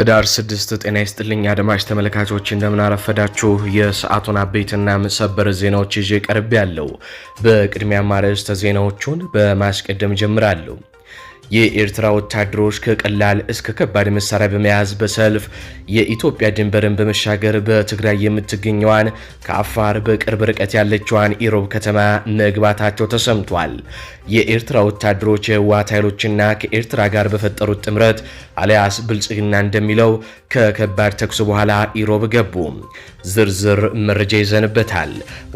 ህዳር ስድስት ጤና ይስጥልኝ አድማጭ ተመልካቾች፣ እንደምናረፈዳችሁ የሰዓቱን አበይትና ሰበር ዜናዎች ይዤ ቀርቤ ያለው። በቅድሚያ ማርዕስተ ዜናዎቹን በማስቀደም ጀምራለሁ። የኤርትራ ወታደሮች ከቀላል እስከ ከባድ መሳሪያ በመያዝ በሰልፍ የኢትዮጵያ ድንበርን በመሻገር በትግራይ የምትገኘዋን ከአፋር በቅርብ ርቀት ያለችዋን ኢሮብ ከተማ መግባታቸው ተሰምቷል። የኤርትራ ወታደሮች የህወሓት ኃይሎችና ከኤርትራ ጋር በፈጠሩት ጥምረት አሊያስ ብልጽግና እንደሚለው ከከባድ ተኩስ በኋላ ኢሮብ ገቡ። ዝርዝር መረጃ ይዘንበታል።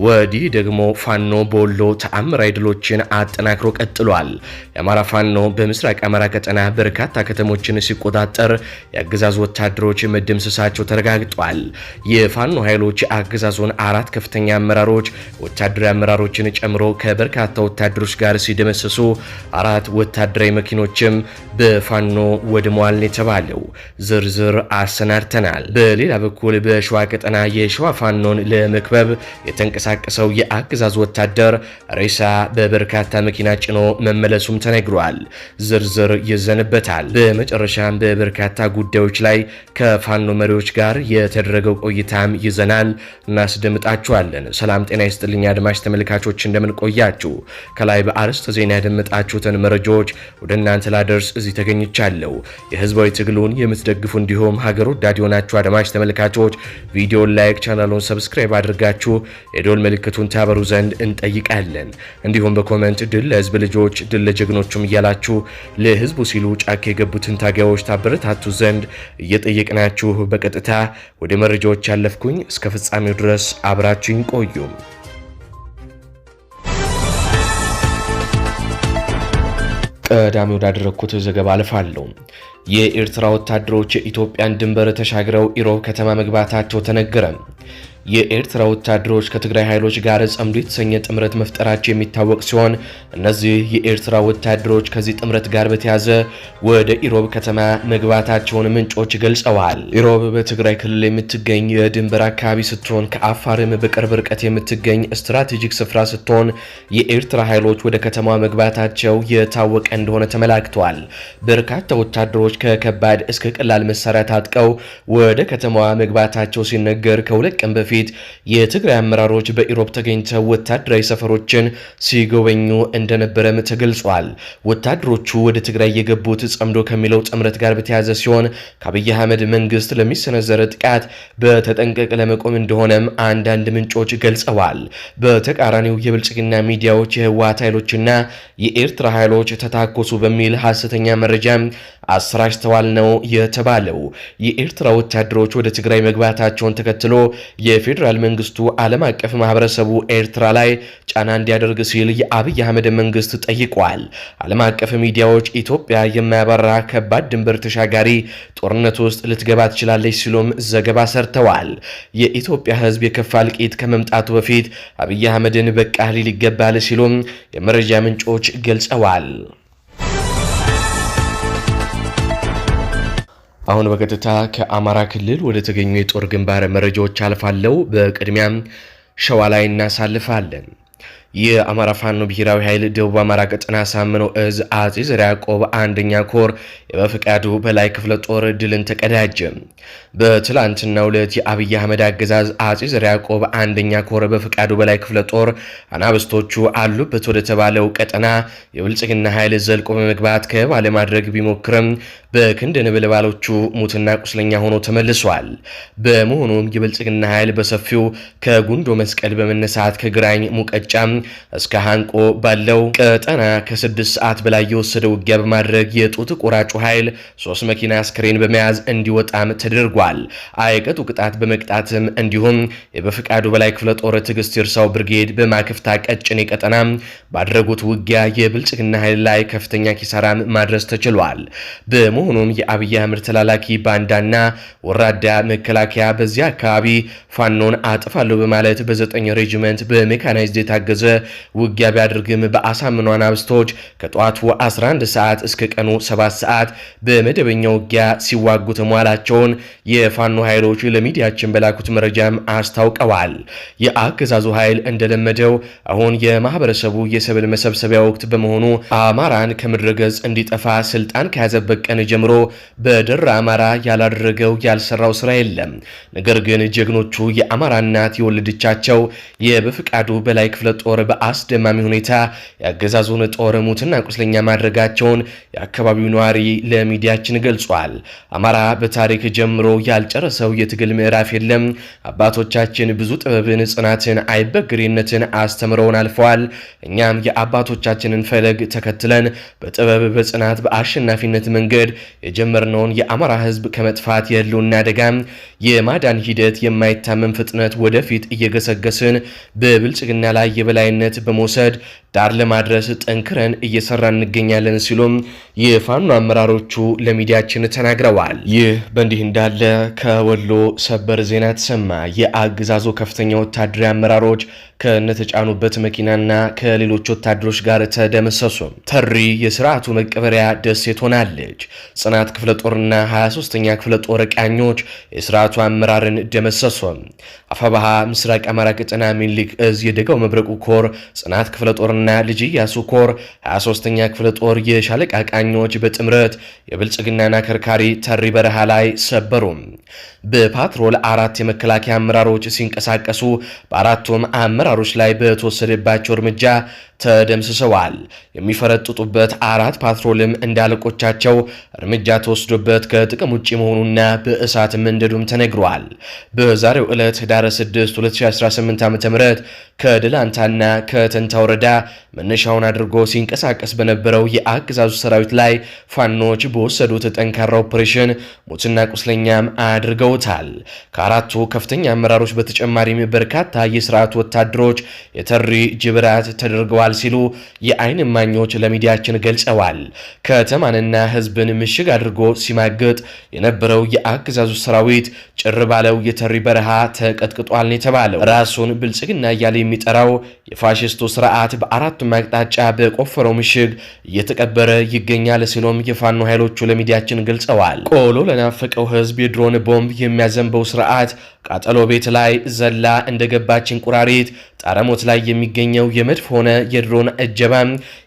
ወዲህ ደግሞ ፋኖ በወሎ ተአምራዊ ድሎችን አጠናክሮ ቀጥሏል። የአማራ ፋኖ በምስ በምስራቅ አማራ ቀጠና በርካታ ከተሞችን ሲቆጣጠር የአገዛዙ ወታደሮች መደምሰሳቸው ተረጋግጧል። የፋኖ ኃይሎች አገዛዞን አራት ከፍተኛ አመራሮች ወታደራዊ አመራሮችን ጨምሮ ከበርካታ ወታደሮች ጋር ሲደመሰሱ አራት ወታደራዊ መኪኖችም በፋኖ ወድመዋል የተባለው ዝርዝር አሰናድተናል። በሌላ በኩል በሸዋ ቀጠና የሸዋ ፋኖን ለመክበብ የተንቀሳቀሰው የአገዛዙ ወታደር ሬሳ በበርካታ መኪና ጭኖ መመለሱም ተነግሯል። ዝርዝር ይዘንበታል። በመጨረሻም በበርካታ ጉዳዮች ላይ ከፋኖ መሪዎች ጋር የተደረገው ቆይታም ይዘናል፣ እናስደምጣችኋለን። ሰላም ጤና ይስጥልኝ አድማጭ ተመልካቾች እንደምንቆያችሁ። ከላይ በአርዕስተ ዜና ያደመጣችሁትን መረጃዎች ወደ እናንተ ላደርስ እዚህ ተገኝቻለሁ። የህዝባዊ ትግሉን የምትደግፉ እንዲሁም ሀገር ወዳድ የሆናችሁ አድማጭ ተመልካቾች ቪዲዮን ላይክ፣ ቻናሉን ሰብስክራይብ አድርጋችሁ የዶል ምልክቱን ታበሩ ዘንድ እንጠይቃለን። እንዲሁም በኮመንት ድል ለህዝብ ልጆች፣ ድል ለጀግኖቹም እያላችሁ ለህዝቡ ሲሉ ጫካ የገቡትን ታጋዮች ታበረታቱ ዘንድ እየጠየቅናችሁ በቀጥታ ወደ መረጃዎች ያለፍኩኝ። እስከ ፍጻሜው ድረስ አብራችሁኝ ቆዩ። ቀዳሚ ወዳደረግኩት ዘገባ አልፋለሁ። የኤርትራ ወታደሮች የኢትዮጵያን ድንበር ተሻግረው ኢሮብ ከተማ መግባታቸው ተነገረ። የኤርትራ ወታደሮች ከትግራይ ኃይሎች ጋር ጸምዶ የተሰኘ ጥምረት መፍጠራቸው የሚታወቅ ሲሆን እነዚህ የኤርትራ ወታደሮች ከዚህ ጥምረት ጋር በተያዘ ወደ ኢሮብ ከተማ መግባታቸውን ምንጮች ገልጸዋል። ኢሮብ በትግራይ ክልል የምትገኝ የድንበር አካባቢ ስትሆን ከአፋርም በቅርብ ርቀት የምትገኝ ስትራቴጂክ ስፍራ ስትሆን የኤርትራ ኃይሎች ወደ ከተማ መግባታቸው የታወቀ እንደሆነ ተመላክቷል። በርካታ ወታደሮች ከከባድ እስከ ቀላል መሳሪያ ታጥቀው ወደ ከተማዋ መግባታቸው ሲነገር ከሁለት ቀን በፊት በፊት የትግራይ አመራሮች በኢሮብ ተገኝተው ወታደራዊ ሰፈሮችን ሲጎበኙ እንደነበረም ተገልጿል። ወታደሮቹ ወደ ትግራይ የገቡት ጸምዶ ከሚለው ጥምረት ጋር በተያያዘ ሲሆን ከአብይ አህመድ መንግስት ለሚሰነዘረ ጥቃት በተጠንቀቅ ለመቆም እንደሆነም አንዳንድ ምንጮች ገልጸዋል። በተቃራኒው የብልጽግና ሚዲያዎች የህወሓት ኃይሎችና የኤርትራ ኃይሎች ተታኮሱ በሚል ሐሰተኛ መረጃ አሰራጭተዋል ነው የተባለው። የኤርትራ ወታደሮች ወደ ትግራይ መግባታቸውን ተከትሎ የ የፌዴራል መንግስቱ ዓለም አቀፍ ማህበረሰቡ ኤርትራ ላይ ጫና እንዲያደርግ ሲል የአብይ አህመድ መንግስት ጠይቋል። ዓለም አቀፍ ሚዲያዎች ኢትዮጵያ የማያባራ ከባድ ድንበር ተሻጋሪ ጦርነት ውስጥ ልትገባ ትችላለች ሲሉም ዘገባ ሰርተዋል። የኢትዮጵያ ህዝብ የከፋ እልቂት ከመምጣቱ በፊት አብይ አህመድን በቃ ሊል ይገባል ሲሉም የመረጃ ምንጮች ገልጸዋል። አሁን በቀጥታ ከአማራ ክልል ወደ ተገኙ የጦር ግንባር መረጃዎች አልፋለው። በቅድሚያም ሸዋ ላይ እናሳልፋለን። የአማራ ፋኖ ብሔራዊ ኃይል ደቡብ አማራ ቀጠና ሳምነው እዝ አጼ ዘርዓ ያዕቆብ አንደኛ ኮር በፍቃዱ በላይ ክፍለ ጦር ድልን ተቀዳጀ። በትላንትናው ዕለት የአብይ አህመድ አገዛዝ አጼ ዘርዓ ያዕቆብ አንደኛ ኮር በፍቃዱ በላይ ክፍለ ጦር አናብስቶቹ አሉበት ወደ ተባለው ቀጠና የብልጽግና ኃይል ዘልቆ በመግባት ከባለማድረግ ቢሞክርም በክንድ ንብልባሎቹ ሙትና ቁስለኛ ሆኖ ተመልሷል። በመሆኑም የብልጽግና ኃይል በሰፊው ከጉንዶ መስቀል በመነሳት ከግራኝ ሙቀጫ እስከ ሃንቆ ባለው ቀጠና ከስድስት ሰዓት በላይ የወሰደ ውጊያ በማድረግ የጡት ቆራጩ ኃይል ሶስት መኪና አስክሬን በመያዝ እንዲወጣም ተደርጓል። አይቀጡ ቅጣት በመቅጣትም እንዲሁም የበፍቃዱ በላይ ክፍለ ጦር ትዕግስት ይርሳው ብርጌድ በማክፍታ ቀጭኔ ቀጠና ባደረጉት ውጊያ የብልጽግና ኃይል ላይ ከፍተኛ ኪሳራም ማድረስ ተችሏል። በመሆኑም የአብይ አህመድ ተላላኪ ባንዳና ወራዳ መከላከያ በዚያ አካባቢ ፋኖን አጥፋለሁ በማለት በዘጠኝ ሬጅመንት በሜካናይዝድ የታገዘ ውጊያ ቢያደርግም በአሳምኗን አብስቶች ከጠዋቱ 11 ሰዓት እስከ ቀኑ 7 ሰዓት በመደበኛ ውጊያ ሲዋጉት መዋላቸውን የፋኖ ኃይሎች ለሚዲያችን በላኩት መረጃም አስታውቀዋል። የአገዛዙ ኃይል እንደለመደው አሁን የማህበረሰቡ የሰብል መሰብሰቢያ ወቅት በመሆኑ አማራን ከምድረ ገጽ እንዲጠፋ ስልጣን ከያዘበት ቀን ጀምሮ በደራ አማራ ያላደረገው ያልሰራው ስራ የለም። ነገር ግን ጀግኖቹ የአማራ እናት የወለደቻቸው የበፍቃዱ በላይ ክፍለ ጦር በአስደማሚ ሁኔታ የአገዛዙን ጦር ሙትና ቁስለኛ ማድረጋቸውን የአካባቢው ነዋሪ ለሚዲያችን ገልጿል። አማራ በታሪክ ጀምሮ ያልጨረሰው የትግል ምዕራፍ የለም። አባቶቻችን ብዙ ጥበብን፣ ጽናትን፣ አይበግሬነትን አስተምረውን አልፈዋል። እኛም የአባቶቻችንን ፈለግ ተከትለን በጥበብ በጽናት በአሸናፊነት መንገድ የጀመርነውን የአማራ ህዝብ ከመጥፋት የህልውና አደጋ የማዳን ሂደት የማይታመን ፍጥነት ወደፊት እየገሰገስን በብልጽግና ላይ የበላይነት በመውሰድ ዳር ለማድረስ ጠንክረን እየሰራ እንገኛለን ሲሉም የፋኖ አመራር አመራሮቹ ለሚዲያችን ተናግረዋል። ይህ በእንዲህ እንዳለ ከወሎ ሰበር ዜና ተሰማ። የአገዛዙ ከፍተኛ ወታደራዊ አመራሮች ከነተጫኑበት መኪናና ከሌሎች ወታደሮች ጋር ተደመሰሱ። ተሪ የስርዓቱ መቀበሪያ ደሴት ሆናለች። ጽናት ክፍለ ጦርና 23ኛ ክፍለ ጦር ቃኞች የስርዓቱ አመራርን ደመሰሱ። አፋባሃ ምስራቅ አማራ ቅጥና ሚኒሊክ እዝ የደጋው መብረቁ ኮር ጽናት ክፍለ ጦርና ልጅ ያሱ ኮር 23ኛ ክፍለ ጦር የሻለቃ ቃኞች በጥምረት በማለት የብልጽግናን አከርካሪ ተሪ በረሃ ላይ ሰበሩ። በፓትሮል አራት የመከላከያ አመራሮች ሲንቀሳቀሱ በአራቱም አመራሮች ላይ በተወሰደባቸው እርምጃ ተደምስሰዋል። የሚፈረጥጡበት አራት ፓትሮልም እንዳለቆቻቸው እርምጃ ተወስዶበት ከጥቅም ውጭ መሆኑና በእሳትም መንደዱም ተነግሯል። በዛሬው ዕለት ህዳር 6 2018 ዓ ም ከደላንታና ከተንታ ወረዳ መነሻውን አድርጎ ሲንቀሳቀስ በነበረው የአገዛዙ ሰራዊት ላይ ፋኖች በወሰዱት ጠንካራ ኦፕሬሽን ሞትና ቁስለኛም አድርገውታል። ከአራቱ ከፍተኛ አመራሮች በተጨማሪም በርካታ የስርዓቱ ወታደሮች የተሪ ጅብራት ተደርገዋል ተደርጓል ሲሉ የአይን እማኞች ለሚዲያችን ገልጸዋል። ከተማንና ህዝብን ምሽግ አድርጎ ሲማገጥ የነበረው የአገዛዙ ሰራዊት ጭር ባለው የተሪ በረሃ ተቀጥቅጧል ነው የተባለው። ራሱን ብልጽግና እያለ የሚጠራው የፋሽስቱ ስርዓት በአራቱም አቅጣጫ በቆፈረው ምሽግ እየተቀበረ ይገኛል ሲሉም የፋኖ ኃይሎቹ ለሚዲያችን ገልጸዋል። ቆሎ ለናፈቀው ህዝብ የድሮን ቦምብ የሚያዘንበው ስርዓት ቃጠሎ ቤት ላይ ዘላ እንደገባች እንቁራሪት ጣረሞት ላይ የሚገኘው የመድፍ ሆነ የድሮን እጀባ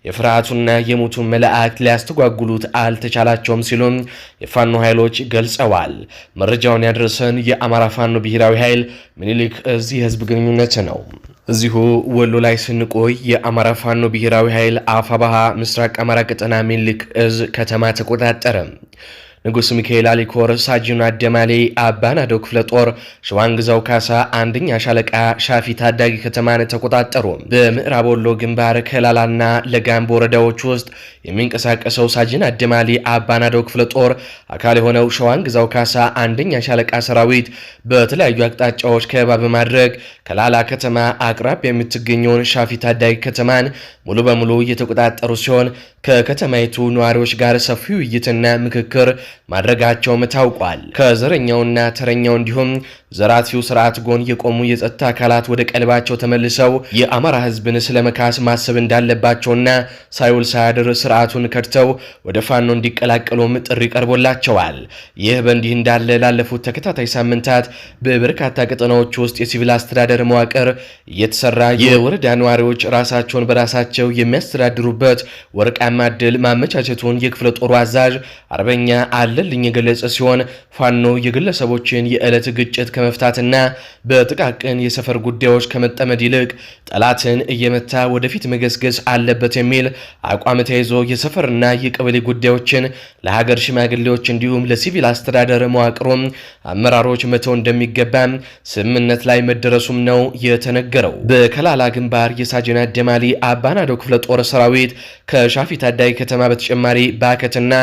የፍርሃቱና የሞቱ መላእክት ሊያስተጓጉሉት አልተቻላቸውም ሲሉም የፋኖ ኃይሎች ገልጸዋል። መረጃውን ያደረሰን የአማራ ፋኖ ብሔራዊ ኃይል ምኒልክ እዚህ ህዝብ ግንኙነት ነው። እዚሁ ወሎ ላይ ስንቆይ የአማራ ፋኖ ብሔራዊ ኃይል አፋባሃ ምስራቅ አማራ ቀጠና ምኒልክ እዝ ከተማ ተቆጣጠረ። ንጉስ ሚካኤል አሊኮር፣ ሳጅን አደማሌ፣ አባናዶ ክፍለ ጦር ግዛው ካሳ አንደኛ ሻለቃ ሻፊ ታዳጊ ከተማን ተቆጣጠሩ። በምዕራብ ወሎ ግንባር ከላላና ለጋምቦ ወረዳዎች ውስጥ የሚንቀሳቀሰው ሳጅን አደማሌ አባናዶ ክፍለ ጦር አካል የሆነው ግዛው ካሳ አንደኛ ሻለቃ ሰራዊት በተለያዩ አቅጣጫዎች ከበባ በማድረግ ከላላ ከተማ አቅራብ የምትገኘውን ሻፊ ታዳጊ ከተማን ሙሉ በሙሉ እየተቆጣጠሩ ሲሆን ከከተማይቱ ነዋሪዎች ጋር ሰፊ ውይይትና ምክክር ማድረጋቸውም ታውቋል። ከዘረኛውና ተረኛው እንዲሁም ዘራፊው ስርዓት ጎን የቆሙ የጸጥታ አካላት ወደ ቀልባቸው ተመልሰው የአማራ ህዝብን ስለ መካስ ማሰብ እንዳለባቸውና ሳይውል ሳያድር ስርዓቱን ከድተው ወደ ፋኖ እንዲቀላቀሉም ጥሪ ቀርቦላቸዋል። ይህ በእንዲህ እንዳለ ላለፉት ተከታታይ ሳምንታት በበርካታ ቀጠናዎች ውስጥ የሲቪል አስተዳደር መዋቅር እየተሰራ የወረዳ ነዋሪዎች ራሳቸውን በራሳቸው የሚያስተዳድሩበት ወርቃማ እድል ማመቻቸቱን የክፍለ ጦሩ አዛዥ አርበኛ አለልኝ የገለጸ ሲሆን ፋኖ የግለሰቦችን የዕለት ግጭት ከመፍታትና በጥቃቅን የሰፈር ጉዳዮች ከመጠመድ ይልቅ ጠላትን እየመታ ወደፊት መገስገስ አለበት የሚል አቋም ተይዞ የሰፈርና የቀበሌ ጉዳዮችን ለሀገር ሽማግሌዎች እንዲሁም ለሲቪል አስተዳደር መዋቅሮም አመራሮች መተው እንደሚገባ ስምምነት ላይ መደረሱም ነው የተነገረው። በከላላ ግንባር የሳጅና ደማሊ አባናዶ ክፍለ ጦር ሰራዊት ከሻፊ ታዳጊ ከተማ በተጨማሪ ባከትና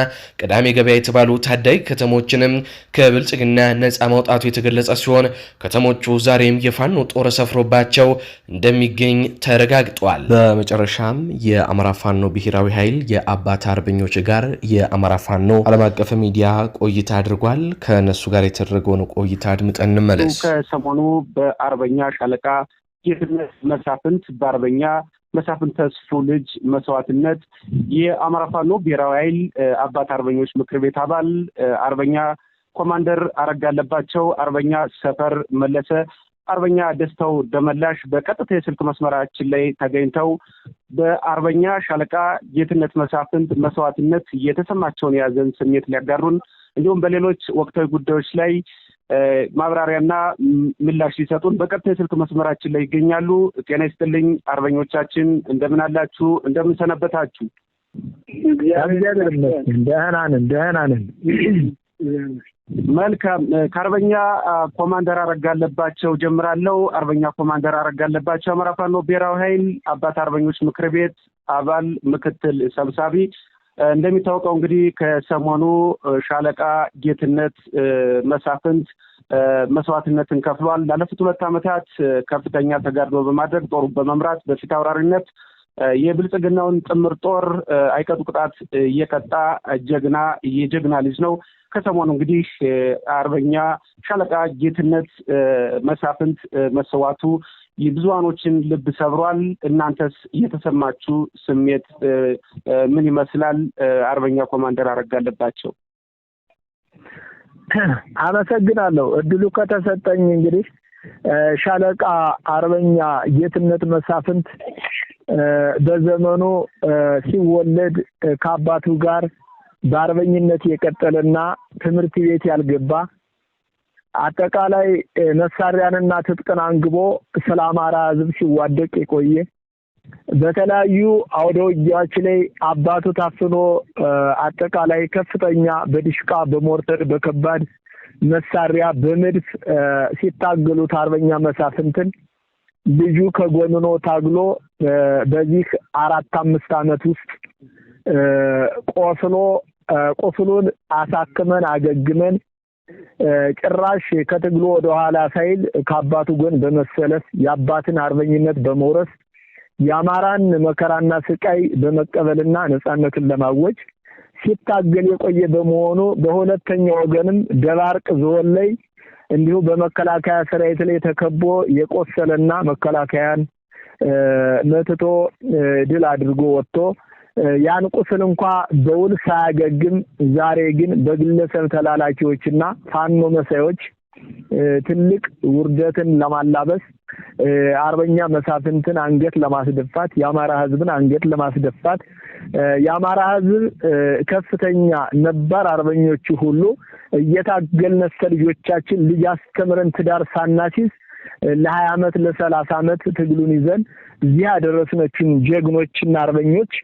ቅዳሜ ገበያ የተባሉ የተባሉ ታዳጊ ከተሞችንም ከብልጽግና ነፃ ማውጣቱ የተገለጸ ሲሆን ከተሞቹ ዛሬም የፋኖ ጦር ሰፍሮባቸው እንደሚገኝ ተረጋግጧል። በመጨረሻም የአማራ ፋኖ ብሔራዊ ኃይል የአባት አርበኞች ጋር የአማራ ፋኖ ዓለም አቀፍ ሚዲያ ቆይታ አድርጓል። ከእነሱ ጋር የተደረገውን ቆይታ አድምጠን እንመለስ። ከሰሞኑ በአርበኛ ሻለቃ ጌትነት መሳፍንት በአርበኛ መሳፍን ተስፉ ልጅ መስዋዕትነት የአማራ ፋኖ ብሔራዊ ኃይል አባት አርበኞች ምክር ቤት አባል አርበኛ ኮማንደር አረጋ አለባቸው፣ አርበኛ ሰፈር መለሰ፣ አርበኛ ደስታው ደመላሽ በቀጥታ የስልክ መስመራችን ላይ ተገኝተው በአርበኛ ሻለቃ ጌትነት መሳፍንት መስዋዕትነት የተሰማቸውን የያዘን ስሜት ሊያጋሩን እንዲሁም በሌሎች ወቅታዊ ጉዳዮች ላይ ማብራሪያና ምላሽ ሲሰጡን በቀጥታ የስልክ መስመራችን ላይ ይገኛሉ። ጤና ይስጥልኝ አርበኞቻችን፣ እንደምን አላችሁ? እንደምን ሰነበታችሁ? እግዚአብሔር ደህና ነን፣ ደህና ነን። መልካም ከአርበኛ ኮማንደር አረጋ አለባቸው ጀምራለው አርበኛ ኮማንደር አረጋ አለባቸው አማራ ፋኖ ብሔራዊ ኃይል አባት አርበኞች ምክር ቤት አባል ምክትል ሰብሳቢ እንደሚታወቀው እንግዲህ ከሰሞኑ ሻለቃ ጌትነት መሳፍንት መስዋዕትነትን ከፍሏል። ላለፉት ሁለት ዓመታት ከፍተኛ ተጋድሎ በማድረግ ጦሩ በመምራት በፊት አውራሪነት የብልጽግናውን ጥምር ጦር አይቀጡ ቅጣት እየቀጣ ጀግና የጀግና ልጅ ነው። ከሰሞኑ እንግዲህ አርበኛ ሻለቃ ጌትነት መሳፍንት መሰዋቱ የብዙሃኖችን ልብ ሰብሯል። እናንተስ እየተሰማችሁ ስሜት ምን ይመስላል? አርበኛ ኮማንደር አረጋ አለባቸው። አመሰግናለሁ። እድሉ ከተሰጠኝ እንግዲህ ሻለቃ አርበኛ ጌትነት መሳፍንት በዘመኑ ሲወለድ ከአባቱ ጋር በአርበኝነት የቀጠለና ትምህርት ቤት ያልገባ አጠቃላይ መሳሪያንና ትጥቅን አንግቦ ስለ አማራ ህዝብ ሲዋደቅ የቆየ በተለያዩ አውደ ላይ አባቱ ታፍኖ አጠቃላይ ከፍተኛ በድሽቃ በሞርተር በከባድ መሳሪያ በመድፍ ሲታገሉት አርበኛ መሳፍንትን ልጁ ከጎንኖ ታግሎ በዚህ አራት አምስት ዓመት ውስጥ ቆስሎ ቁስሉን አሳክመን አገግመን ጭራሽ ከትግሉ ኋላ ሳይል ከአባቱ ጎን በመሰለፍ የአባትን አርበኝነት በመውረስ የአማራን መከራና ስቃይ በመቀበልና ነፃነትን ለማወጅ ሲታገል የቆየ በመሆኑ በሁለተኛ ወገንም ደባርቅ ዞን ላይ እንዲሁ በመከላከያ ሰራዊት ላይ ተከቦ የቆሰለና መከላከያን መትቶ ድል አድርጎ ወጥቶ ያን ቁስል እንኳ በውል ሳያገግም ዛሬ ግን በግለሰብ ተላላኪዎችና ፋኖ መሳዮች ትልቅ ውርደትን ለማላበስ አርበኛ መሳፍንትን አንገት ለማስደፋት የአማራ ሕዝብን አንገት ለማስደፋት የአማራ ሕዝብ ከፍተኛ ነባር አርበኞቹ ሁሉ እየታገልነ እስከ ልጆቻችን ልጅ አስተምረን ትዳር ሳናሲዝ ለሀያ ዓመት ለሰላሳ ዓመት ትግሉን ይዘን እዚህ ያደረስነችን ጀግኖችና አርበኞች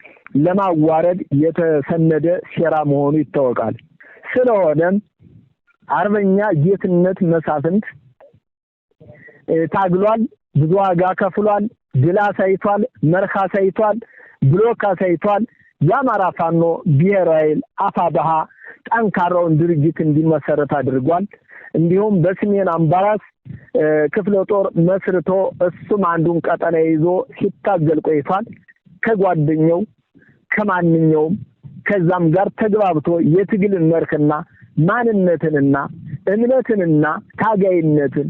ለማዋረድ የተሰነደ ሴራ መሆኑ ይታወቃል። ስለሆነም አርበኛ ጌትነት መሳፍንት ታግሏል፣ ብዙ ዋጋ ከፍሏል፣ ድል አሳይቷል፣ መርህ አሳይቷል፣ ብሎክ አሳይቷል። የአማራ ፋኖ ብሔራዊ ኃይል አፋብኃ ጠንካራውን ድርጅት እንዲመሰረት አድርጓል። እንዲሁም በስሜን አምባራስ ክፍለ ጦር መስርቶ እሱም አንዱን ቀጠና ይዞ ሲታገል ቆይቷል። ከጓደኛው ከማንኛውም ከዛም ጋር ተግባብቶ የትግልን መርክና ማንነትንና እምነትንና ታጋይነትን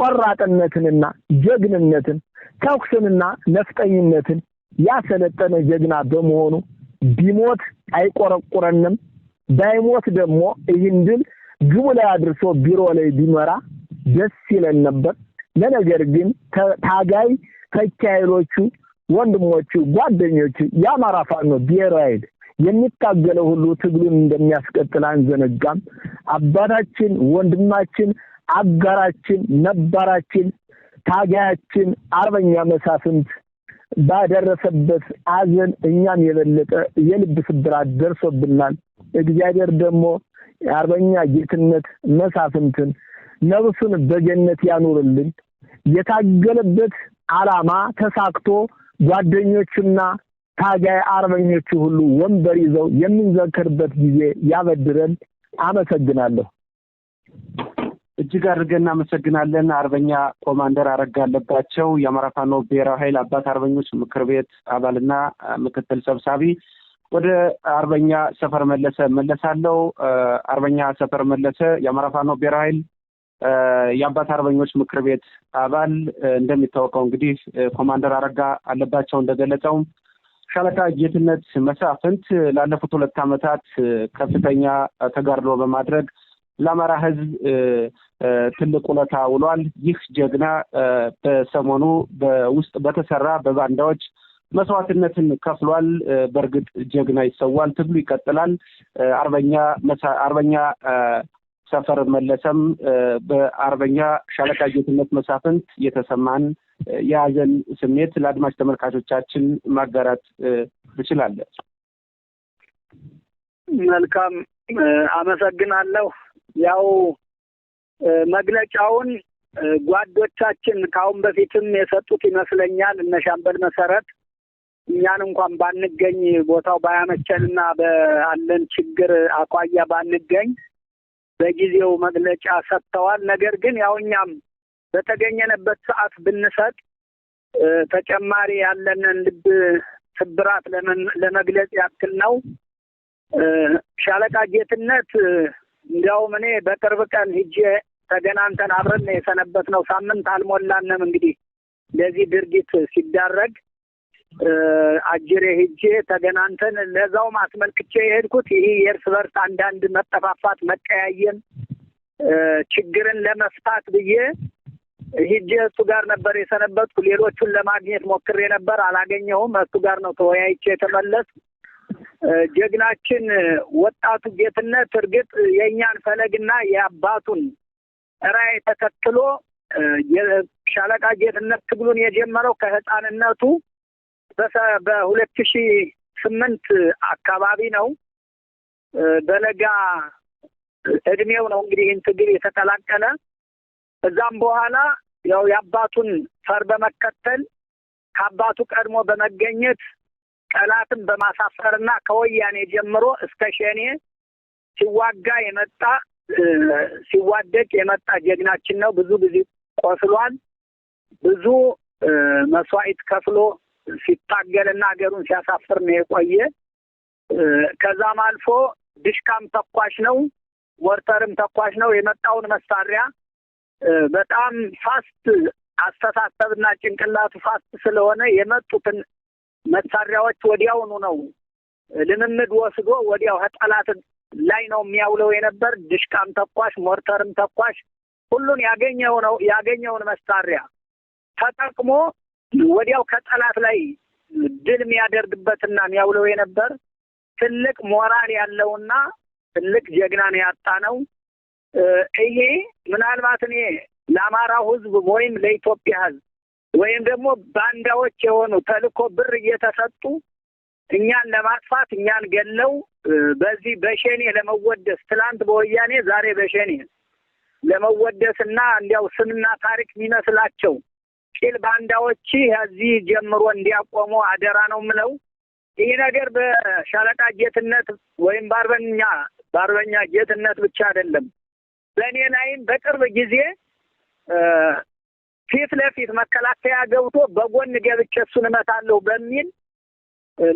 ቆራጥነትንና ጀግንነትን ተኩስንና ነፍጠኝነትን ያሰለጠነ ጀግና በመሆኑ ቢሞት አይቆረቁረንም፣ ባይሞት ደግሞ ይህን ድል ግቡ ላይ አድርሶ ቢሮ ላይ ቢመራ ደስ ይለን ነበር። ለነገር ግን ታጋይ ፈኪ ኃይሎቹ ወንድሞቹ፣ ጓደኞቹ የአማራ ፋኖ ብሔራዊ ኃይል የሚታገለው ሁሉ ትግሉን እንደሚያስቀጥል አንዘነጋም። አባታችን፣ ወንድማችን፣ አጋራችን፣ ነባራችን፣ ታጋያችን አርበኛ መሳፍንት ባደረሰበት አዘን እኛም የበለጠ የልብ ስብራት ደርሶብናል። እግዚአብሔር ደግሞ የአርበኛ ጌትነት መሳፍንትን ነብሱን በገነት ያኑርልን። የታገለበት ዓላማ ተሳክቶ ጓደኞቹና ታጋይ አርበኞቹ ሁሉ ወንበር ይዘው የምንዘክርበት ጊዜ ያበድረን። አመሰግናለሁ። እጅግ አድርገን እናመሰግናለን። አርበኛ ኮማንደር አረጋ አለባቸው የአማራ ፋኖ ብሔራዊ ኃይል አባት አርበኞች ምክር ቤት አባልና ምክትል ሰብሳቢ ወደ አርበኛ ሰፈር መለሰ መለሳለው። አርበኛ ሰፈር መለሰ የአማራ ፋኖ ብሔራዊ ኃይል የአባት አርበኞች ምክር ቤት አባል እንደሚታወቀው እንግዲህ ኮማንደር አረጋ አለባቸው እንደገለጸው ሻለቃ ጌትነት መሳፍንት ላለፉት ሁለት ዓመታት ከፍተኛ ተጋድሎ በማድረግ ለአማራ ሕዝብ ትልቅ ውለታ ውሏል። ይህ ጀግና በሰሞኑ በውስጥ በተሰራ በባንዳዎች መስዋዕትነትን ከፍሏል። በእርግጥ ጀግና ይሰዋል ትግሉ ይቀጥላል። አርበኛ አርበኛ ሰፈር መለሰም በአርበኛ ሻለቃ ጌትነት መሳፍንት የተሰማን የሀዘን ስሜት ለአድማጭ ተመልካቾቻችን ማጋራት ትችላለህ። መልካም አመሰግናለሁ። ያው መግለጫውን ጓዶቻችን ከአሁን በፊትም የሰጡት ይመስለኛል እነ ሻምበል መሰረት እኛን እንኳን ባንገኝ ቦታው ባያመቸንና በአለን ችግር አኳያ ባንገኝ በጊዜው መግለጫ ሰጥተዋል። ነገር ግን ያው እኛም በተገኘንበት ሰዓት ብንሰጥ ተጨማሪ ያለንን ልብ ስብራት ለመግለጽ ያክል ነው። ሻለቃ ጌትነት እንዲያውም እኔ በቅርብ ቀን ሂጄ ተገናንተን አብረን የሰነበት ነው። ሳምንት አልሞላንም እንግዲህ ለዚህ ድርጊት ሲዳረግ አጅሬ ሄጄ ተገናንተን ለዛውም አስመልክቼ የሄድኩት ይሄ የእርስ በርስ አንዳንድ መጠፋፋት፣ መቀያየም ችግርን ለመፍታት ብዬ ሂጄ እሱ ጋር ነበር የሰነበትኩ። ሌሎቹን ለማግኘት ሞክሬ ነበር፣ አላገኘሁም። እሱ ጋር ነው ተወያይቼ የተመለስ ጀግናችን ወጣቱ ጌትነት እርግጥ የእኛን ፈለግና የአባቱን ራዕይ ተከትሎ ሻለቃ ጌትነት ትግሉን የጀመረው ከህፃንነቱ በሁለት ሺ ስምንት አካባቢ ነው። በለጋ እድሜው ነው እንግዲህ ይህን ትግል የተቀላቀለ። እዛም በኋላ ያው የአባቱን ፈር በመከተል ከአባቱ ቀድሞ በመገኘት ጠላትን በማሳፈርና ከወያኔ ጀምሮ እስከ ሸኔ ሲዋጋ የመጣ ሲዋደቅ የመጣ ጀግናችን ነው። ብዙ ጊዜ ቆስሏል። ብዙ መስዋዕት ከፍሎ ሲታገልና ሀገሩን ሲያሳፍር ነው የቆየ። ከዛም አልፎ ድሽካም ተኳሽ ነው፣ ሞርተርም ተኳሽ ነው። የመጣውን መሳሪያ በጣም ፋስት አስተሳሰብና ጭንቅላቱ ፋስት ስለሆነ የመጡትን መሳሪያዎች ወዲያውኑ ነው ልምምድ ወስዶ ወዲያው ጠላት ላይ ነው የሚያውለው የነበር። ድሽቃም ተኳሽ፣ ሞርተርም ተኳሽ ሁሉን ያገኘው ነው ያገኘውን መሳሪያ ተጠቅሞ ወዲያው ከጠላት ላይ ድል የሚያደርግበትና የሚያውለው የነበር ትልቅ ሞራል ያለውና ትልቅ ጀግናን ያጣ ነው። ይሄ ምናልባት እኔ ለአማራው ሕዝብ ወይም ለኢትዮጵያ ሕዝብ ወይም ደግሞ ባንዳዎች የሆኑ ተልኮ ብር እየተሰጡ እኛን ለማጥፋት እኛን ገለው በዚህ በሸኔ ለመወደስ ትላንት በወያኔ ዛሬ በሸኔ ለመወደስና እንዲያው ስምና ታሪክ የሚመስላቸው ሲል ባንዳዎች እዚህ ጀምሮ እንዲያቆሙ አደራ ነው ምለው። ይህ ነገር በሻለቃ ጌትነት ወይም በአርበኛ በአርበኛ ጌትነት ብቻ አይደለም፣ በእኔ ላይም በቅርብ ጊዜ ፊት ለፊት መከላከያ ገብቶ በጎን ገብቼ እሱን እመታለሁ በሚል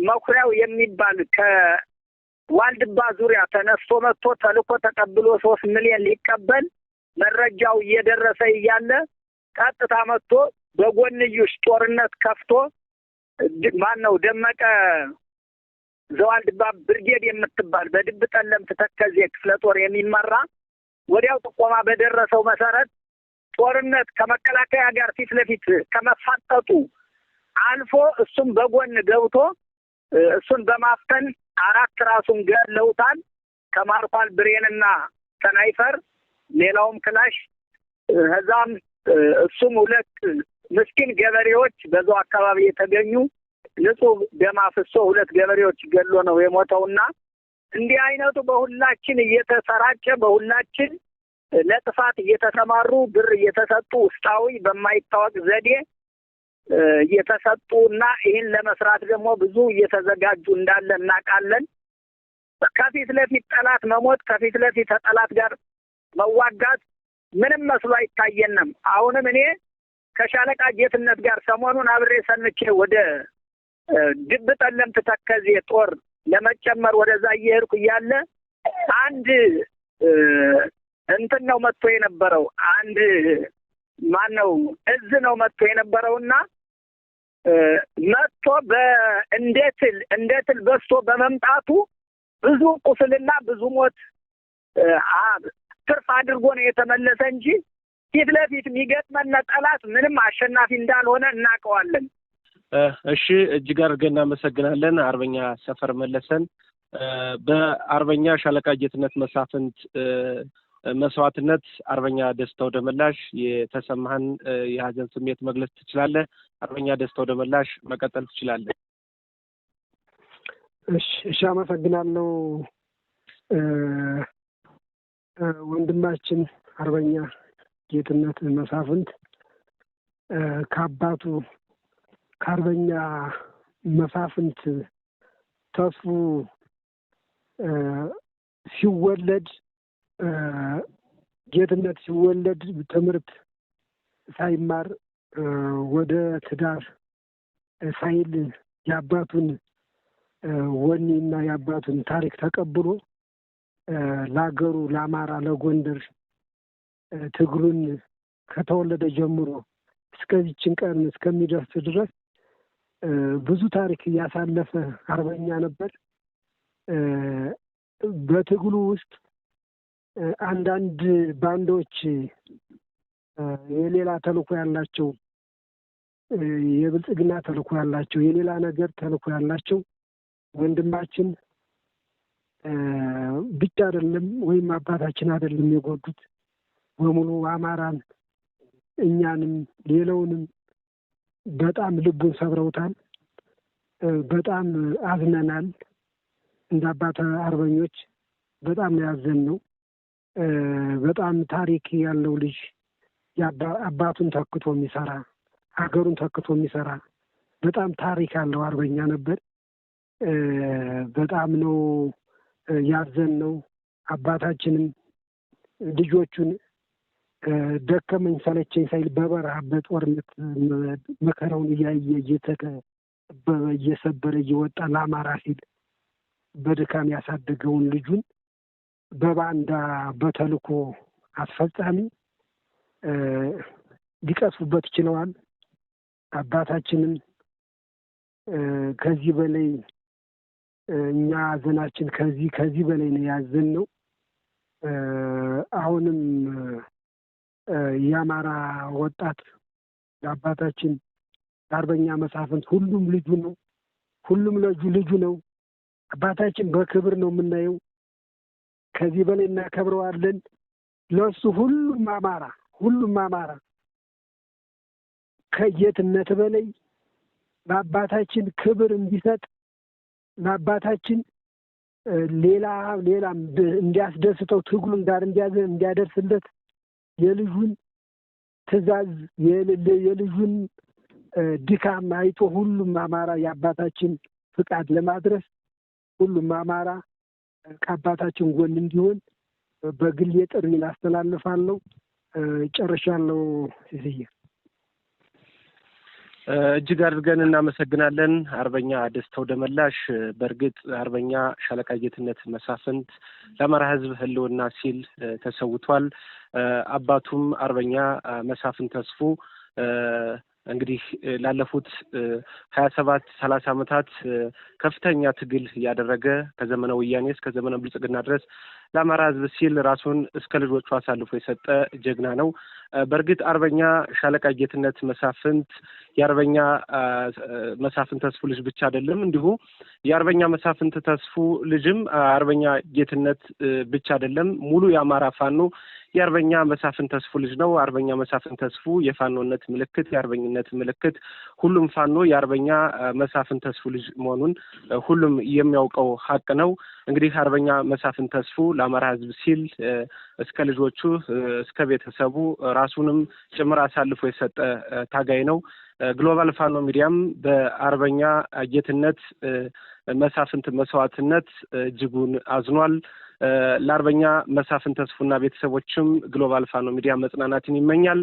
መኩሪያው የሚባል ከዋልድባ ዙሪያ ተነስቶ መጥቶ ተልኮ ተቀብሎ ሶስት ሚሊዮን ሊቀበል መረጃው እየደረሰ እያለ ቀጥታ መጥቶ በጎንዮሽ ጦርነት ከፍቶ ማን ነው ደመቀ ዘዋልድባ ብርጌድ የምትባል በድብ ጠለምት ተከዜ ክፍለ ጦር የሚመራ ወዲያው ጥቆማ በደረሰው መሰረት ጦርነት ከመከላከያ ጋር ፊት ለፊት ከመፋጠጡ አልፎ እሱም በጎን ገብቶ እሱን በማፍተን አራት ራሱን ገለውታል። ከማርኳል ብሬንና ተናይፈር ሌላውም ክላሽ ከዛም እሱም ሁለት ምስኪን ገበሬዎች በዛው አካባቢ የተገኙ ንጹህ ደም አፍሶ ሁለት ገበሬዎች ገሎ ነው የሞተውና እንዲህ አይነቱ በሁላችን እየተሰራጨ በሁላችን ለጥፋት እየተሰማሩ ብር እየተሰጡ ውስጣዊ በማይታወቅ ዘዴ እየተሰጡ እና ይህን ለመስራት ደግሞ ብዙ እየተዘጋጁ እንዳለ እናውቃለን። ከፊት ለፊት ጠላት መሞት፣ ከፊት ለፊት ከጠላት ጋር መዋጋት ምንም መስሎ አይታየንም። አሁንም እኔ ከሻለቃ ጌትነት ጋር ሰሞኑን አብሬ ሰንቼ ወደ ድብ ጠለምት ተከዜ ጦር ለመጨመር ወደዛ እየሄድኩ እያለ አንድ እንትን ነው መጥቶ የነበረው አንድ ማን ነው እዝ ነው መጥቶ የነበረውና መጥቶ በእንዴትል እንዴትል በስቶ በመምጣቱ ብዙ ቁስልና ብዙ ሞት ትርፍ አድርጎ ነው የተመለሰ እንጂ ፊት ለፊት የሚገጥመን ጠላት ምንም አሸናፊ እንዳልሆነ እናውቀዋለን። እሺ፣ እጅግ አድርገን እናመሰግናለን አርበኛ ሰፈር መለሰን። በአርበኛ ሻለቃ ጌትነት መሳፍንት መስዋዕትነት አርበኛ ደስታው ደመላሽ የተሰማህን የሀዘን ስሜት መግለጽ ትችላለህ። አርበኛ ደስታው ደመላሽ መቀጠል ትችላለህ። እሺ፣ አመሰግናለሁ ወንድማችን አርበኛ ጌትነት መሳፍንት ከአባቱ ከአርበኛ መሳፍንት ተስፉ ሲወለድ ጌትነት ሲወለድ ትምህርት ሳይማር ወደ ትዳር ሳይል የአባቱን ወኒና የአባቱን ታሪክ ተቀብሎ ለአገሩ ለአማራ ለጎንደር ትግሉን ከተወለደ ጀምሮ እስከዚችን ቀን እስከሚደርስ ድረስ ብዙ ታሪክ እያሳለፈ አርበኛ ነበር። በትግሉ ውስጥ አንዳንድ ባንዶች የሌላ ተልኮ ያላቸው፣ የብልጽግና ተልኮ ያላቸው፣ የሌላ ነገር ተልኮ ያላቸው ወንድማችን ብቻ አይደለም ወይም አባታችን አይደለም የጎዱት በሙሉ አማራን እኛንም ሌላውንም በጣም ልቡን ሰብረውታል። በጣም አዝነናል። እንደ አባተ አርበኞች በጣም ያዘን ነው። በጣም ታሪክ ያለው ልጅ አባቱን ተክቶ የሚሰራ ሀገሩን ተክቶ የሚሰራ በጣም ታሪክ ያለው አርበኛ ነበር። በጣም ነው ያዘን ነው። አባታችንም ልጆቹን ደከመኝ ሰለቸኝ ሳይል በበረሃ በጦርነት መከራውን እያየ እየተጠበበ እየሰበረ እየወጣ ለአማራ ሲል በድካም ያሳደገውን ልጁን በባንዳ በተልኮ አስፈጻሚ ሊቀጥፉበት ችለዋል። አባታችንም ከዚህ በላይ እኛ ሀዘናችን ከዚህ ከዚህ በላይ ነው ያዘን ነው አሁንም የአማራ ወጣት ለአባታችን ለአርበኛ መሳፍንት ሁሉም ልጁ ነው። ሁሉም ልጁ ልጁ ነው። አባታችን በክብር ነው የምናየው። ከዚህ በላይ እናከብረዋለን። ለሱ ሁሉም አማራ ሁሉም አማራ ከየትነት በላይ ለአባታችን ክብር እንዲሰጥ ለአባታችን ሌላ ሌላም እንዲያስደስተው ትግሉን ጋር እንዲያደርስለት የልጁን ትዕዛዝ የልጁን ድካም አይቶ ሁሉም አማራ የአባታችን ፍቃድ ለማድረስ ሁሉም አማራ ከአባታችን ጎን እንዲሆን በግል ጥሪ አስተላልፋለሁ። ጨርሻለሁ። ይዝየ እጅግ አድርገን እናመሰግናለን አርበኛ ደስተው ደመላሽ። በእርግጥ አርበኛ ሻለቃ ጌትነት መሳፍንት ለአማራ ሕዝብ ሕልውና ሲል ተሰውቷል። አባቱም አርበኛ መሳፍን ተስፉ እንግዲህ ላለፉት ሀያ ሰባት ሰላሳ ዓመታት ከፍተኛ ትግል እያደረገ ከዘመነ ወያኔ እስከ ዘመነ ብልጽግና ድረስ ለአማራ ህዝብ ሲል ራሱን እስከ ልጆቹ አሳልፎ የሰጠ ጀግና ነው። በእርግጥ አርበኛ ሻለቃ ጌትነት መሳፍንት የአርበኛ መሳፍንት ተስፉ ልጅ ብቻ አይደለም፣ እንዲሁ የአርበኛ መሳፍንት ተስፉ ልጅም አርበኛ ጌትነት ብቻ አይደለም። ሙሉ የአማራ ፋኖ የአርበኛ መሳፍን ተስፉ ልጅ ነው። አርበኛ መሳፍን ተስፉ የፋኖነት ምልክት፣ የአርበኝነት ምልክት፣ ሁሉም ፋኖ የአርበኛ መሳፍን ተስፉ ልጅ መሆኑን ሁሉም የሚያውቀው ሀቅ ነው። እንግዲህ አርበኛ መሳፍን ተስፉ ለአማራ ሕዝብ ሲል እስከ ልጆቹ እስከ ቤተሰቡ ራሱንም ጭምር አሳልፎ የሰጠ ታጋይ ነው። ግሎባል ፋኖ ሚዲያም በአርበኛ ጌትነት መሳፍንት መስዋዕትነት እጅጉን አዝኗል። ለአርበኛ መሳፍን ተስፉና ቤተሰቦችም ግሎባል ፋኖ ሚዲያ መጽናናትን ይመኛል።